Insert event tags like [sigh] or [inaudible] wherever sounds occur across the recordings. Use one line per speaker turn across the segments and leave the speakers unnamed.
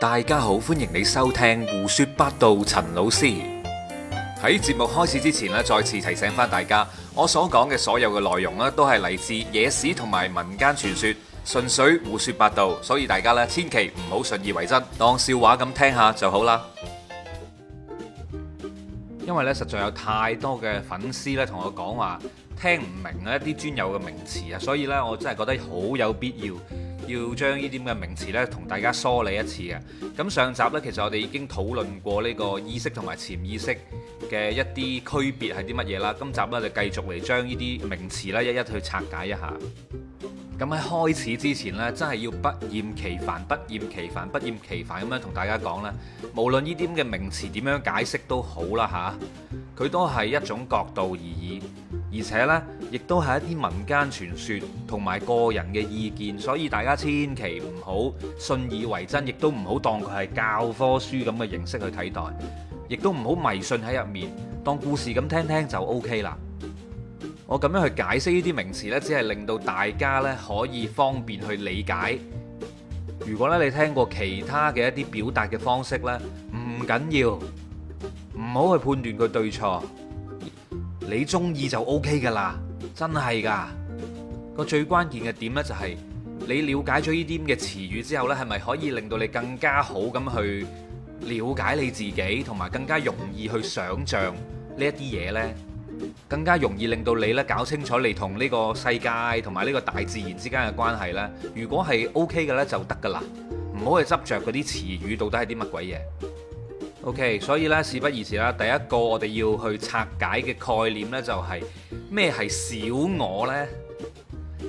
大家好，歡迎你收聽胡說八道。陳老師喺節目開始之前咧，再次提醒翻大家，我所講嘅所有嘅內容咧，都係嚟自野史同埋民間傳說，純粹胡說八道，所以大家咧千祈唔好信以為真，當笑話咁聽下就好啦。因為咧，實在有太多嘅粉絲咧，同我講話聽唔明啊，一啲專有嘅名詞啊，所以咧，我真係覺得好有必要。要將呢啲咁嘅名詞呢，同大家梳理一次嘅。咁上集呢，其實我哋已經討論過呢個意識同埋潛意識嘅一啲區別係啲乜嘢啦。今集呢，就繼續嚟將呢啲名詞呢，一一去拆解一下。咁喺開始之前呢，真係要不厭其煩、不厭其煩、不厭其煩咁樣同大家講啦。無論呢啲咁嘅名詞點樣解釋都好啦嚇，佢都係一種角度而已。而且呢，亦都係一啲民間傳說同埋個人嘅意見，所以大家千祈唔好信以為真，亦都唔好當佢係教科書咁嘅形式去睇待，亦都唔好迷信喺入面，當故事咁聽聽就 OK 啦。我咁樣去解釋呢啲名詞呢，只係令到大家呢可以方便去理解。如果咧你聽過其他嘅一啲表達嘅方式呢，唔緊要，要，唔好去判斷佢對錯。你中意就 OK 噶啦，真係噶。個最關鍵嘅點呢、就係，就係你了解咗呢啲嘅詞語之後呢，係咪可以令到你更加好咁去了解你自己，同埋更加容易去想像呢一啲嘢呢？更加容易令到你呢搞清楚你同呢個世界同埋呢個大自然之間嘅關係呢。如果係 OK 嘅呢，就得噶啦。唔好去執着嗰啲詞語到底係啲乜鬼嘢。OK，所以咧事不宜遲啦。第一個我哋要去拆解嘅概念咧、就係，就係咩係小我呢？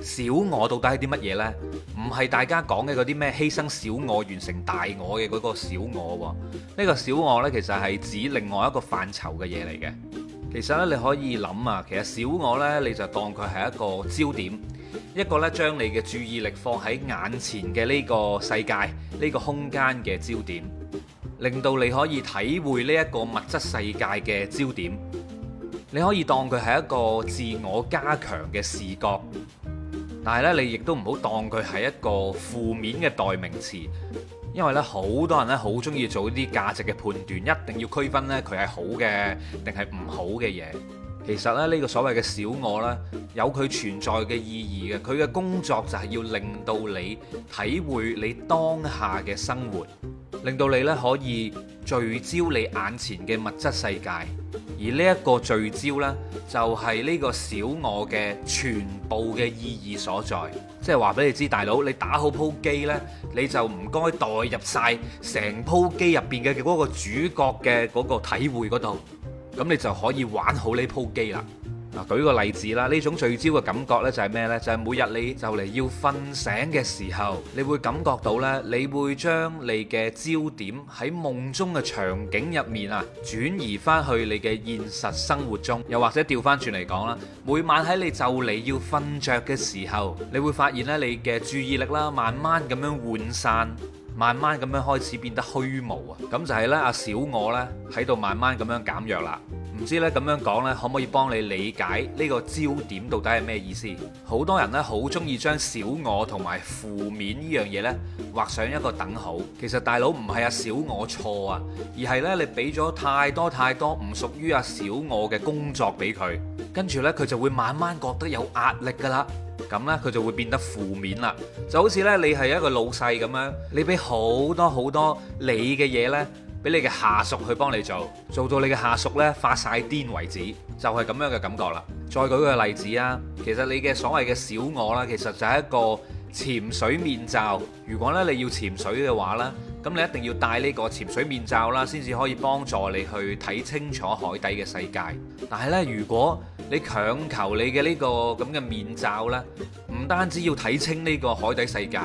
「小我到底係啲乜嘢呢？唔係大家講嘅嗰啲咩犧牲小我完成大我嘅嗰、嗰個小我喎。呢個小我呢，其實係指另外一個範疇嘅嘢嚟嘅。其實咧，你可以諗啊，其實小我呢，你就當佢係一個焦點，一個咧將你嘅注意力放喺眼前嘅呢個世界、呢、呢個空間嘅焦點。令到你可以體會呢一個物質世界嘅焦點，你可以當佢係一個自我加強嘅視覺，但係咧，你亦都唔好當佢係一個負面嘅代名詞，因為咧，好多人咧好中意做啲價值嘅判斷，一定要區分咧佢係好嘅定係唔好嘅嘢。其實咧，呢個所謂嘅小我咧，有佢存在嘅意義嘅，佢嘅工作就係要令到你體會你當下嘅生活。令到你呢可以聚焦你眼前嘅物質世界，而呢一個聚焦呢，就係呢個小我嘅全部嘅意義所在。即係話俾你知，大佬，你打好鋪機呢，你就唔該代入晒成鋪機入邊嘅嗰個主角嘅嗰個體會嗰度，咁你就可以玩好呢鋪機啦。嗱，舉個例子啦，呢種聚焦嘅感覺呢，就係咩呢？就係每日你就嚟要瞓醒嘅時候，你會感覺到呢，你會將你嘅焦點喺夢中嘅場景入面啊，轉移翻去你嘅現實生活中，又或者調翻轉嚟講啦，每晚喺你就嚟要瞓着嘅時候，你會發現呢，你嘅注意力啦，慢慢咁樣渙散，慢慢咁樣開始變得虛無啊，咁就係呢，阿小我呢，喺度慢慢咁樣減弱啦。唔知咧，咁樣講呢，可唔可以幫你理解呢個焦點到底係咩意思？好多人呢，好鍾意將小我同埋負面呢樣嘢呢，畫上一個等號。其實大佬，唔係啊小我錯啊，而係呢，你俾咗太多太多唔屬於啊小我嘅工作俾佢，跟住呢，佢就會慢慢覺得有壓力㗎啦。咁呢，佢就會變得負面啦。就好似呢，你係一個老細咁樣，你俾好多好多你嘅嘢呢。俾你嘅下屬去幫你做，做到你嘅下屬呢，發晒癲為止，就係咁樣嘅感覺啦。再舉個例子啊，其實你嘅所謂嘅小我啦，其實就係一個潛水面罩。如果呢，你要潛水嘅話呢，咁你一定要戴呢個潛水面罩啦，先至可以幫助你去睇清楚海底嘅世界。但係呢，如果你強求你嘅呢個咁嘅面罩呢，唔單止要睇清呢個海底世界。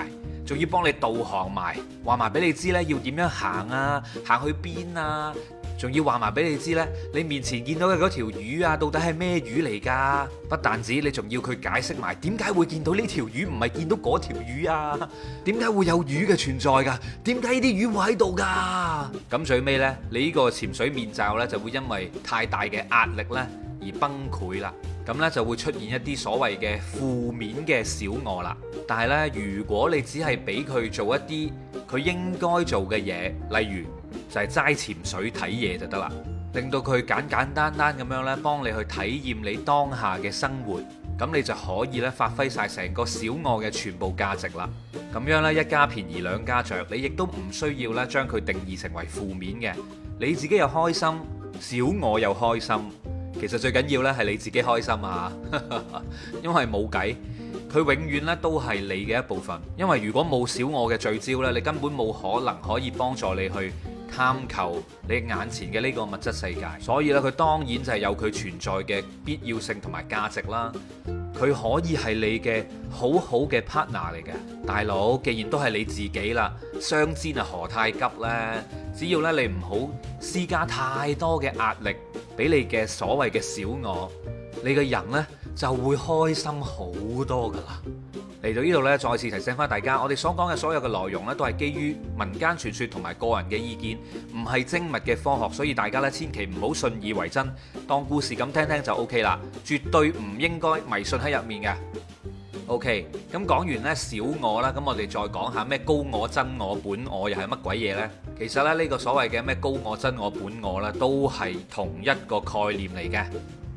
仲要幫你導航埋，話埋俾你知呢要點樣行啊，行去邊啊？仲要話埋俾你知呢，你面前見到嘅嗰條魚啊，到底係咩魚嚟㗎？不但止，你仲要佢解釋埋點解會見到呢條魚，唔係見到嗰條魚啊？點解會有魚嘅存在㗎？點解呢啲魚會喺度㗎？咁最尾呢，你呢個潛水面罩呢，就會因為太大嘅壓力呢。而崩潰啦，咁呢就會出現一啲所謂嘅負面嘅小我啦。但係呢，如果你只係俾佢做一啲佢應該做嘅嘢，例如就係齋潛水睇嘢就得啦，令到佢簡簡單單咁樣呢，幫你去體驗你當下嘅生活，咁你就可以呢發揮晒成個小我嘅全部價值啦。咁樣呢，一家便宜兩家著，你亦都唔需要呢將佢定義成為負面嘅，你自己又開心，小我又開心。其實最緊要咧係你自己開心啊， [laughs] 因為冇計，佢永遠咧都係你嘅一部分。因為如果冇小我嘅聚焦咧，你根本冇可能可以幫助你去探求你眼前嘅呢個物質世界。所以咧，佢當然就係有佢存在嘅必要性同埋價值啦。佢可以係你嘅好好嘅 partner 嚟嘅，大佬。既然都係你自己啦，相煎啊何太急呢？只要呢，你唔好施加太多嘅壓力。俾你嘅所謂嘅小我，你嘅人呢就會開心好多噶啦。嚟到呢度呢，再次提醒翻大家，我哋所講嘅所有嘅內容呢，都係基於民間傳説同埋個人嘅意見，唔係精密嘅科學，所以大家呢，千祈唔好信以為真，當故事咁聽聽就 OK 啦，絕對唔應該迷信喺入面嘅。OK，咁講完呢「小我」啦，咁我哋再講下咩高我、真我、本我又係乜鬼嘢呢？其實咧，呢個所謂嘅咩高我、真我、本我呢，都係同一個概念嚟嘅。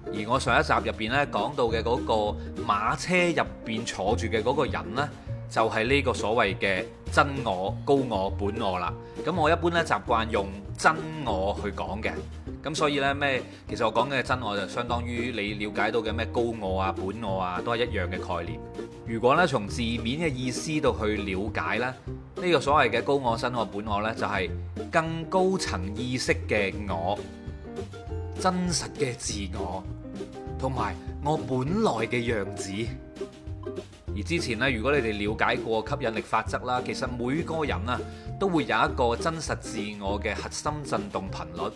而我上一集入邊呢講到嘅嗰個馬車入邊坐住嘅嗰個人呢，就係呢個所謂嘅真我、高我、本我啦。咁我一般呢習慣用真我去講嘅。咁所以呢，咩？其實我講嘅真我就相當於你了解到嘅咩高我啊、本我啊，都係一樣嘅概念。如果咧從字面嘅意思度去了解咧，呢個所謂嘅高我、身我、本我呢就係更高層意識嘅我，真實嘅自我，同埋我本來嘅樣子。而之前呢，如果你哋了解過吸引力法則啦，其實每個人啊都會有一個真實自我嘅核心震動頻率，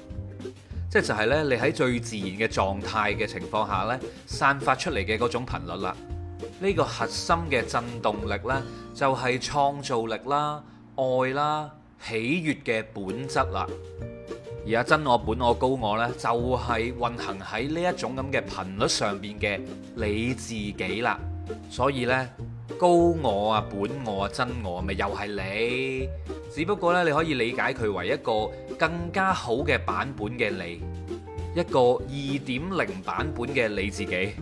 即就係呢，你喺最自然嘅狀態嘅情況下呢，散發出嚟嘅嗰種頻率啦。呢個核心嘅震動力呢，就係創造力啦、愛啦、喜悅嘅本質啦。而家真我、本我、高我呢，就係運行喺呢一種咁嘅頻率上邊嘅你自己啦。所以呢，高我啊、本我啊、真我咪又係你。只不過呢，你可以理解佢為一個更加好嘅版本嘅你，一個二點零版本嘅你自己。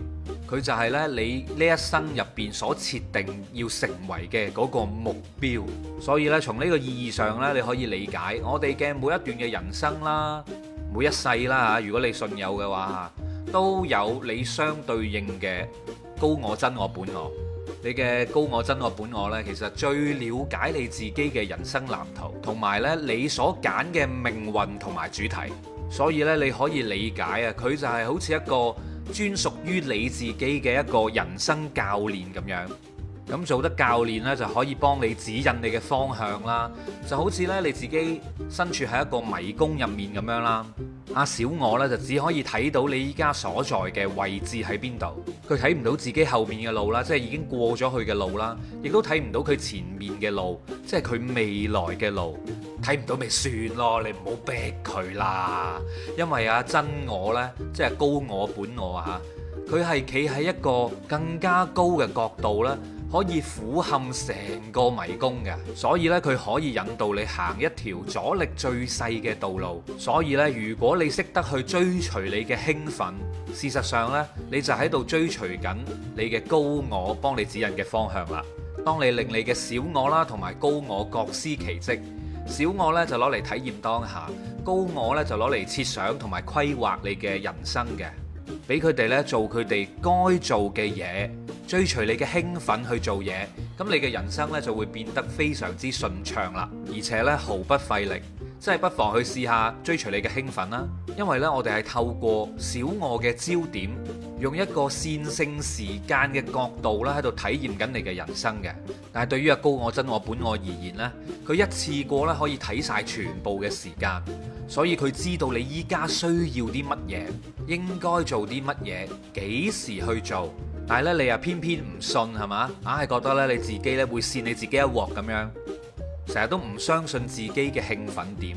佢就係咧，你呢一生入邊所設定要成為嘅嗰個目標。所以咧，從呢個意義上咧，你可以理解我哋嘅每一段嘅人生啦，每一世啦嚇。如果你信有嘅話嚇，都有你相對應嘅高我、真我、本我。你嘅高我、真我、本我呢，其實最了解你自己嘅人生藍圖，同埋呢你所揀嘅命運同埋主題。所以呢，你可以理解啊，佢就係好似一個專屬於你自己嘅一個人生教練咁樣，咁做得教練呢，就可以幫你指引你嘅方向啦，就好似呢，你自己身處喺一個迷宮入面咁樣啦。阿小我呢，就只可以睇到你依家所在嘅位置喺邊度，佢睇唔到自己後面嘅路啦，即係已經過咗去嘅路啦，亦都睇唔到佢前面嘅路，即係佢未來嘅路，睇唔到咪算咯，你唔好逼佢啦。因為阿、啊、真我呢，即係高我本我吓，佢係企喺一個更加高嘅角度啦。可以俯瞰成個迷宮嘅，所以咧，佢可以引導你行一條阻力最細嘅道路。所以咧，如果你識得去追隨你嘅興奮，事實上呢，你就喺度追隨緊你嘅高我幫你指引嘅方向啦。當你令你嘅小我啦同埋高我各司其職，小我咧就攞嚟體驗當下，高我咧就攞嚟設想同埋規劃你嘅人生嘅。俾佢哋咧做佢哋該做嘅嘢，追隨你嘅興奮去做嘢，咁你嘅人生咧就會變得非常之順暢啦，而且呢，毫不費力，即係不妨去試下追隨你嘅興奮啦。因為呢，我哋係透過小我嘅焦點，用一個線性時間嘅角度咧喺度體驗緊你嘅人生嘅。但係對於阿高我、真我、本我而言呢，佢一次過呢，可以睇晒全部嘅時間。所以佢知道你依家需要啲乜嘢，應該做啲乜嘢，幾時去做。但係咧，你又偏偏唔信，係嘛？硬、啊、係覺得咧，你自己咧會蝕你自己一鑊？咁樣成日都唔相信自己嘅興奮點。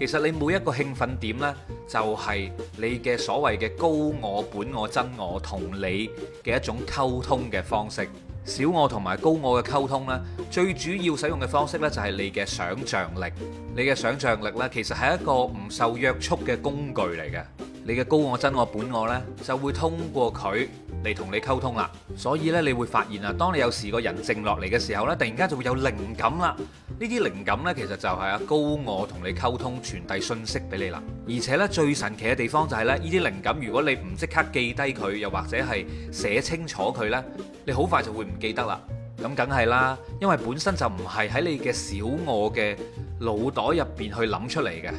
其實，你每一個興奮點呢，就係、是、你嘅所謂嘅高我、本我、真我同你嘅一種溝通嘅方式。小我同埋高我嘅溝通咧，最主要使用嘅方式咧就係你嘅想像力。你嘅想像力咧，其實係一個唔受約束嘅工具嚟嘅。你嘅高我、真我、本我呢，就會通過佢嚟同你溝通啦。所以呢，你會發現啊，當你有時個人靜落嚟嘅時候呢，突然間就會有靈感啦。呢啲靈感呢，其實就係啊高我同你溝通、傳遞信息俾你啦。而且呢，最神奇嘅地方就係呢，呢啲靈感，如果你唔即刻記低佢，又或者係寫清楚佢呢，你好快就會唔記得啦。咁梗係啦，因為本身就唔係喺你嘅小我嘅腦袋入邊去諗出嚟嘅，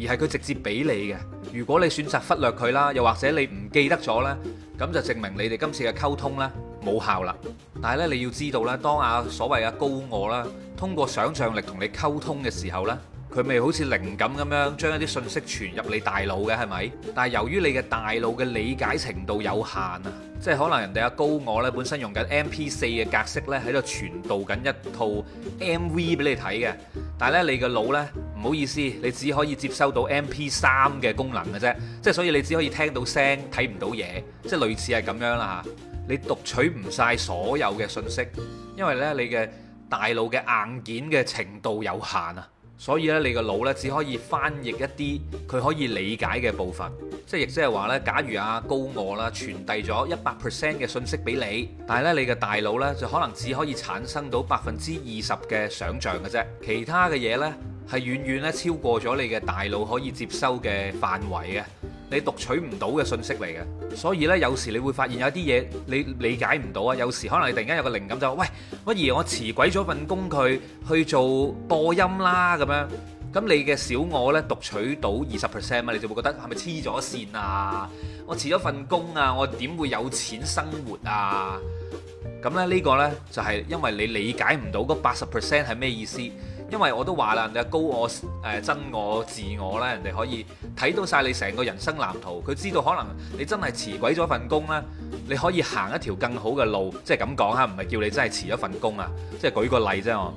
而係佢直接俾你嘅。如果你選擇忽略佢啦，又或者你唔記得咗呢，咁就證明你哋今次嘅溝通咧，冇效啦，但係咧你要知道啦，當阿、啊、所謂阿高我啦，通過想象力同你溝通嘅時候呢，佢咪好似靈感咁樣將一啲信息傳入你大腦嘅係咪？但係由於你嘅大腦嘅理解程度有限啊，即係可能人哋阿高我呢本身用緊 MP 四嘅格式呢，喺度傳導緊一套 MV 俾你睇嘅，但係咧你嘅腦呢，唔好意思，你只可以接收到 MP 三嘅功能嘅啫，即係所以你只可以聽到聲睇唔到嘢，即係類似係咁樣啦。你讀取唔晒所有嘅信息，因為呢，你嘅大腦嘅硬件嘅程度有限啊，所以呢，你個腦呢，只可以翻譯一啲佢可以理解嘅部分，即係亦即係話呢，假如阿高我啦傳遞咗一百 percent 嘅信息俾你，但係咧你嘅大腦呢，就可能只可以產生到百分之二十嘅想像嘅啫，其他嘅嘢呢，係遠遠咧超過咗你嘅大腦可以接收嘅範圍嘅。你讀取唔到嘅信息嚟嘅，所以呢，有時你會發現有啲嘢你理解唔到啊。有時可能你突然間有個靈感就話、是，喂，不如我辭鬼咗份工佢去做播音啦咁樣。咁你嘅小我呢，讀取到二十 percent 啊，你就會覺得係咪黐咗線啊？我辭咗份工啊，我點會有錢生活啊？咁咧呢、呢個呢，就係、是、因為你理解唔到嗰八十 percent 係咩意思。因為我都話啦，人哋高我、誒真我、自我咧，人哋可以睇到曬你成個人生藍圖。佢知道可能你真係辭鬼咗份工咧，你可以行一條更好嘅路，即係咁講嚇，唔係叫你真係辭一份工啊，即係舉個例啫我。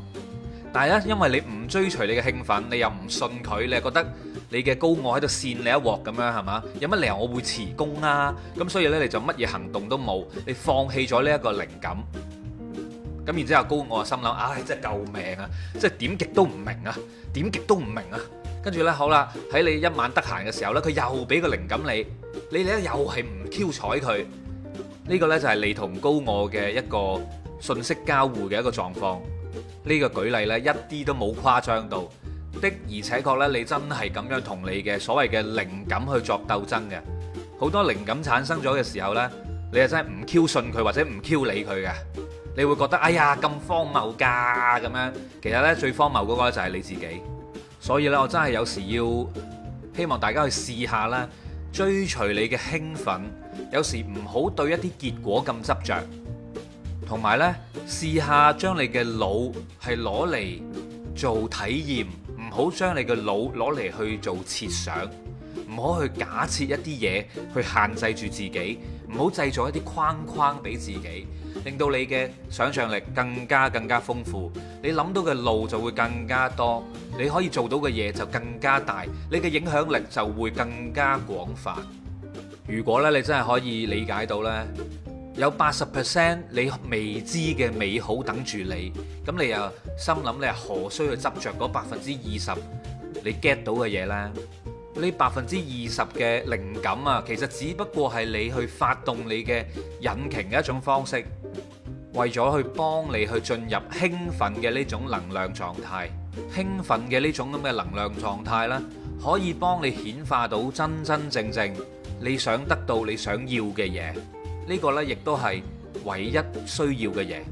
但係咧，因為你唔追隨你嘅興奮，你又唔信佢，你又覺得你嘅高我喺度扇你一鑊咁樣係嘛？有乜理由我會辭工啊？咁所以咧，你就乜嘢行動都冇，你放棄咗呢一個靈感。咁然之後，高我啊心諗，唉，真係救命啊！即係點極都唔明啊，點極都唔明啊。跟住咧，好啦，喺你一晚得閒嘅時候咧，佢又俾個靈感你，你咧又係唔 q 睬佢。呢個咧就係你同高我嘅一個信息交互嘅一個狀況。呢個舉例咧一啲都冇誇張到，的而且確咧你真係咁樣同你嘅所謂嘅靈感去作鬥爭嘅。好多靈感產生咗嘅時候咧，你係真係唔 q 信佢或者唔 q 理佢嘅。你會覺得，哎呀，咁荒謬㗎咁樣，其實呢，最荒謬嗰個就係你自己。所以咧，我真係有時要希望大家去試下啦，追隨你嘅興奮，有時唔好對一啲結果咁執着。同埋呢，試下將你嘅腦係攞嚟做體驗，唔好將你嘅腦攞嚟去做設想，唔好去假設一啲嘢去限制住自己。唔好製造一啲框框俾自己，令到你嘅想象力更加更加豐富。你諗到嘅路就會更加多，你可以做到嘅嘢就更加大，你嘅影響力就會更加廣泛。如果咧你真係可以理解到呢，有八十 percent 你未知嘅美好等住你，咁你又心諗你何須去執着嗰百分之二十你 get 到嘅嘢呢？」呢百分之二十嘅靈感啊，其實只不過係你去發動你嘅引擎嘅一種方式，為咗去幫你去進入興奮嘅呢種能量狀態，興奮嘅呢種咁嘅能量狀態啦，可以幫你顯化到真真正正你想得到你想要嘅嘢，呢個呢，亦都係唯一需要嘅嘢。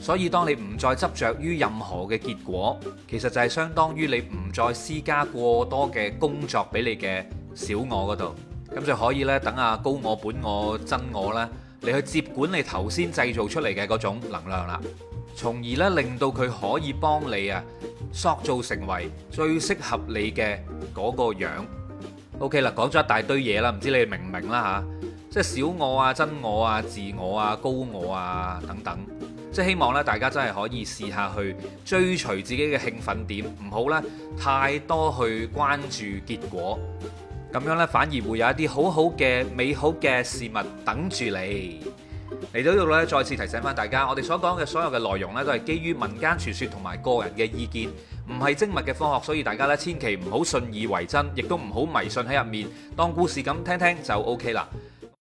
所以，當你唔再執著於任何嘅結果，其實就係相當於你唔再施加過多嘅工作俾你嘅小我嗰度，咁就可以呢等阿高我、本我、真我呢你去接管你頭先製造出嚟嘅嗰種能量啦，從而呢令到佢可以幫你啊塑造成為最適合你嘅嗰個樣。OK 啦，講咗一大堆嘢啦，唔知你明唔明啦吓？即係小我啊、真我啊、自我啊、高我啊等等。即係希望咧，大家真係可以試下去追隨自己嘅興奮點，唔好咧太多去關注結果，咁樣咧反而會有一啲好好嘅美好嘅事物等住你。嚟到呢度咧，再次提醒返大家，我哋所講嘅所有嘅內容咧，都係基於民間傳說同埋個人嘅意見，唔係精密嘅科學，所以大家咧千祈唔好信以為真，亦都唔好迷信喺入面，當故事咁聽聽就 OK 啦。